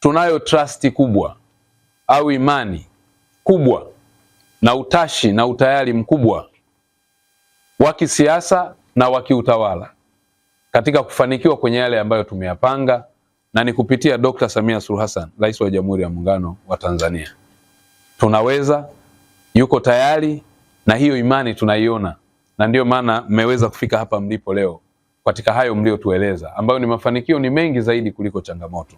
tunayo trust kubwa au imani kubwa na utashi na utayari mkubwa wa kisiasa na wa kiutawala katika kufanikiwa kwenye yale ambayo tumeyapanga na ni kupitia Dr. Samia Suluhu Hassan, Rais wa Jamhuri ya Muungano wa Tanzania. Tunaweza, yuko tayari na hiyo imani tunaiona, na ndiyo maana mmeweza kufika hapa mlipo leo katika hayo mliotueleza, ambayo ni mafanikio ni mengi zaidi kuliko changamoto.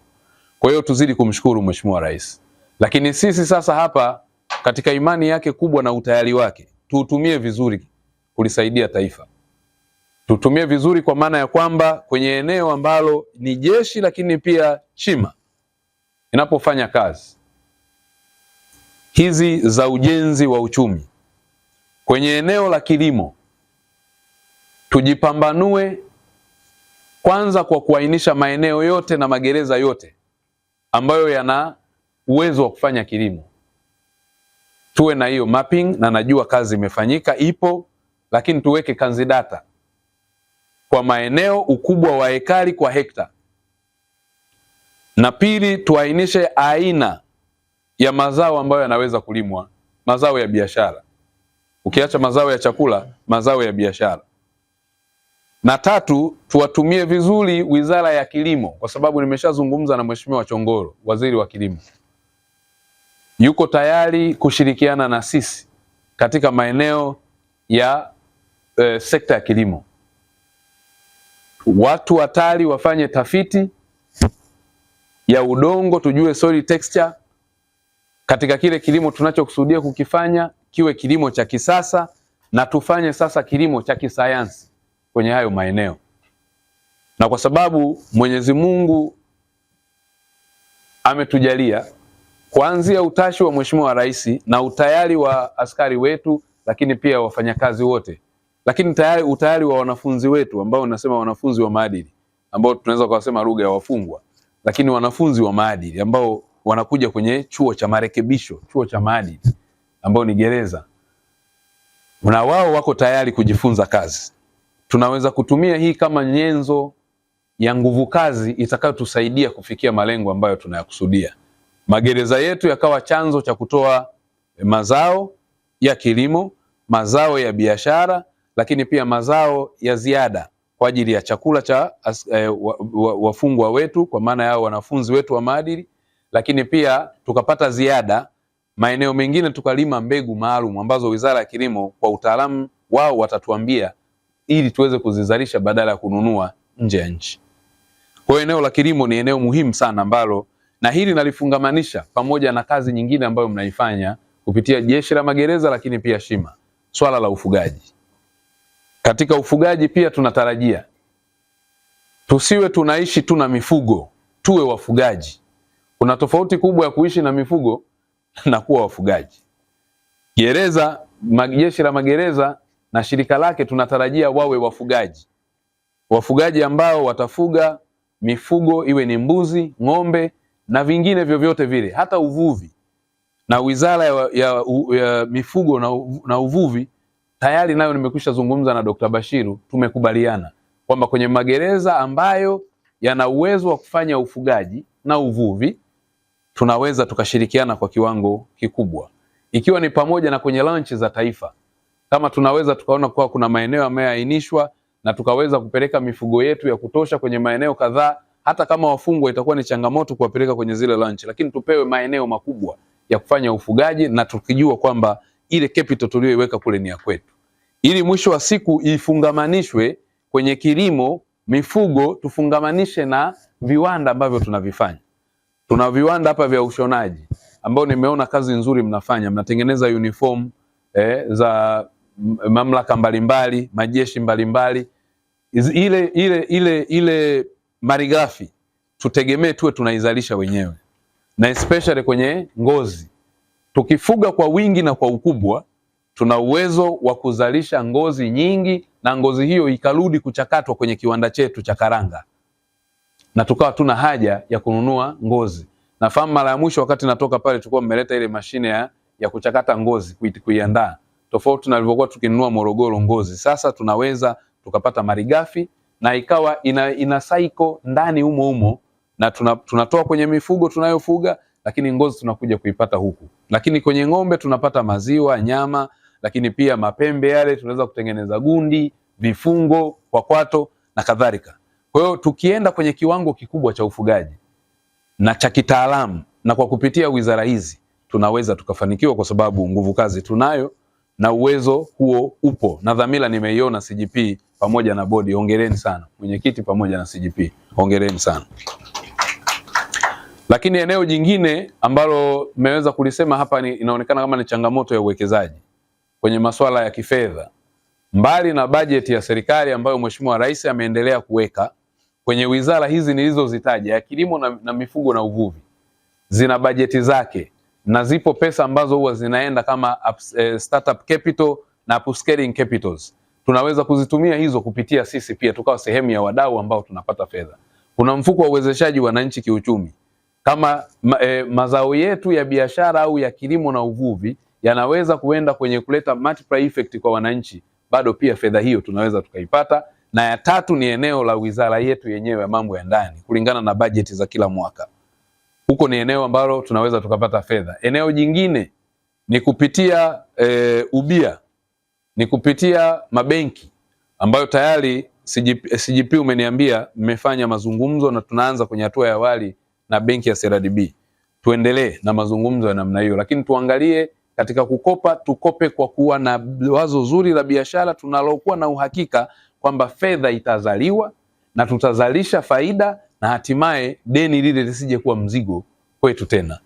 Kwa hiyo tuzidi kumshukuru Mheshimiwa Rais, lakini sisi sasa hapa katika imani yake kubwa na utayari wake tuutumie vizuri kulisaidia taifa, tutumie vizuri kwa maana ya kwamba kwenye eneo ambalo ni jeshi lakini pia Chima inapofanya kazi hizi za ujenzi wa uchumi kwenye eneo la kilimo, tujipambanue kwanza kwa kuainisha maeneo yote na magereza yote ambayo yana uwezo wa kufanya kilimo. Tuwe na hiyo mapping, na najua kazi imefanyika, ipo, lakini tuweke kanzi data kwa maeneo, ukubwa wa ekari kwa hekta, na pili, tuainishe aina ya mazao ambayo yanaweza kulimwa, mazao ya biashara ukiacha mazao ya chakula, mazao ya biashara. Na tatu, tuwatumie vizuri Wizara ya Kilimo, kwa sababu nimeshazungumza na Mheshimiwa chongoro waziri wa kilimo, yuko tayari kushirikiana na sisi katika maeneo ya e, sekta ya kilimo. Watu watali wafanye tafiti ya udongo, tujue soil texture katika kile kilimo tunachokusudia kukifanya kiwe kilimo cha kisasa, na tufanye sasa kilimo cha kisayansi kwenye hayo maeneo, na kwa sababu Mwenyezi Mungu ametujalia kuanzia utashi wa Mheshimiwa Rais na utayari wa askari wetu, lakini pia wafanyakazi wote, lakini tayari utayari wa wanafunzi wetu ambao unasema wanafunzi wa maadili ambao tunaweza kusema lugha ya wafungwa, lakini wanafunzi wa maadili ambao wanakuja kwenye chuo cha marekebisho, chuo cha maadili ambao ni gereza, na wao wako tayari kujifunza kazi tunaweza kutumia hii kama nyenzo ya nguvu kazi itakayotusaidia kufikia malengo ambayo tunayakusudia. Magereza yetu yakawa chanzo cha kutoa mazao ya kilimo, mazao ya biashara, lakini pia mazao ya ziada kwa ajili ya chakula cha e, wafungwa wetu, kwa maana yao wanafunzi wetu wa maadili, lakini pia tukapata ziada maeneo mengine tukalima mbegu maalum ambazo Wizara ya Kilimo kwa utaalamu wao watatuambia ili tuweze kuzizalisha badala ya kununua nje ya nchi. Kwa eneo la kilimo ni eneo muhimu sana ambalo na hili nalifungamanisha pamoja na kazi nyingine ambayo mnaifanya kupitia Jeshi la Magereza, lakini pia Shima, swala la ufugaji. Katika ufugaji pia tunatarajia tusiwe tunaishi tu na mifugo, tuwe wafugaji. Kuna tofauti kubwa ya kuishi na mifugo na kuwa wafugaji. Gereza, Jeshi la Magereza na shirika lake tunatarajia wawe wafugaji, wafugaji ambao watafuga mifugo iwe ni mbuzi, ng'ombe na vingine vyovyote vile, hata uvuvi. Na wizara ya, ya, ya mifugo na, na uvuvi tayari nayo nimekwisha zungumza na Dr. Bashiru, tumekubaliana kwamba kwenye magereza ambayo yana uwezo wa kufanya ufugaji na uvuvi tunaweza tukashirikiana kwa kiwango kikubwa, ikiwa ni pamoja na kwenye lanchi za taifa kama tunaweza tukaona kuwa kuna maeneo yameainishwa na tukaweza kupeleka mifugo yetu ya kutosha kwenye maeneo kadhaa, hata kama wafungwa itakuwa ni changamoto kuwapeleka kwenye zile ranch, lakini tupewe maeneo makubwa ya kufanya ufugaji, na tukijua kwamba ile capital tuliyoiweka kule ni ya kwetu, ili mwisho wa siku ifungamanishwe kwenye kilimo, mifugo tufungamanishe na viwanda ambavyo tunavifanya. Tuna viwanda hapa vya ushonaji ambao nimeona kazi nzuri mnafanya, mnatengeneza uniform eh, za mamlaka mbalimbali, majeshi mbalimbali, ile ile ile ile malighafi tutegemee tuwe tunaizalisha wenyewe, na especially kwenye ngozi. Tukifuga kwa wingi na kwa ukubwa, tuna uwezo wa kuzalisha ngozi nyingi, na ngozi hiyo ikarudi kuchakatwa kwenye kiwanda chetu cha karanga, na tukawa tuna haja ya kununua ngozi. Nafahamu mara ya mwisho wakati natoka pale, tulikuwa mmeleta ile mashine ya, ya kuchakata ngozi kuiandaa tofauti na ilivyokuwa tukinunua Morogoro ngozi. Sasa tunaweza tukapata malighafi na ikawa ina, ina cycle ndani humo humo na tuna, kwenye mifugo tunayofuga, lakini ngozi tunakuja kuipata huku. Lakini kwenye ng'ombe tunapata maziwa, nyama, lakini pia mapembe yale tunaweza kutengeneza gundi, vifungo, kwakwato na kadhalika. Kwa hiyo tukienda kwenye kiwango kikubwa cha ufugaji na cha kitaalamu na kwa kupitia wizara hizi tunaweza tukafanikiwa, kwa sababu nguvu kazi tunayo na uwezo huo upo na dhamira nimeiona CGP pamoja na bodi. Hongereni sana mwenyekiti pamoja na CGP, hongereni sana lakini eneo jingine ambalo mmeweza kulisema hapa ni, inaonekana kama ni changamoto ya uwekezaji kwenye masuala ya kifedha, mbali na bajeti ya serikali ambayo Mheshimiwa Rais ameendelea kuweka kwenye wizara hizi nilizozitaja ya kilimo na, na mifugo na uvuvi zina bajeti zake na zipo pesa ambazo huwa zinaenda kama e, startup capital na upscaling capitals. Tunaweza kuzitumia hizo kupitia sisi pia tukawa sehemu ya wadau ambao tunapata fedha. Kuna mfuko wa uwezeshaji wananchi kiuchumi kama ma, e, mazao yetu ya biashara au ya kilimo na uvuvi yanaweza kuenda kwenye kuleta multiple effect kwa wananchi, bado pia fedha hiyo tunaweza tukaipata. Na ya tatu ni eneo la wizara yetu yenyewe ya mambo ya ndani kulingana na bajeti za kila mwaka huko ni eneo ambalo tunaweza tukapata fedha. Eneo jingine ni kupitia e, ubia, ni kupitia mabenki ambayo tayari CGP, umeniambia mmefanya mazungumzo na tunaanza kwenye hatua ya awali na benki ya CRDB. Tuendelee na mazungumzo ya namna hiyo, lakini tuangalie katika kukopa, tukope kwa kuwa na wazo zuri la biashara tunalokuwa na uhakika kwamba fedha itazaliwa na tutazalisha faida na hatimaye deni lile lisije kuwa mzigo kwetu tena.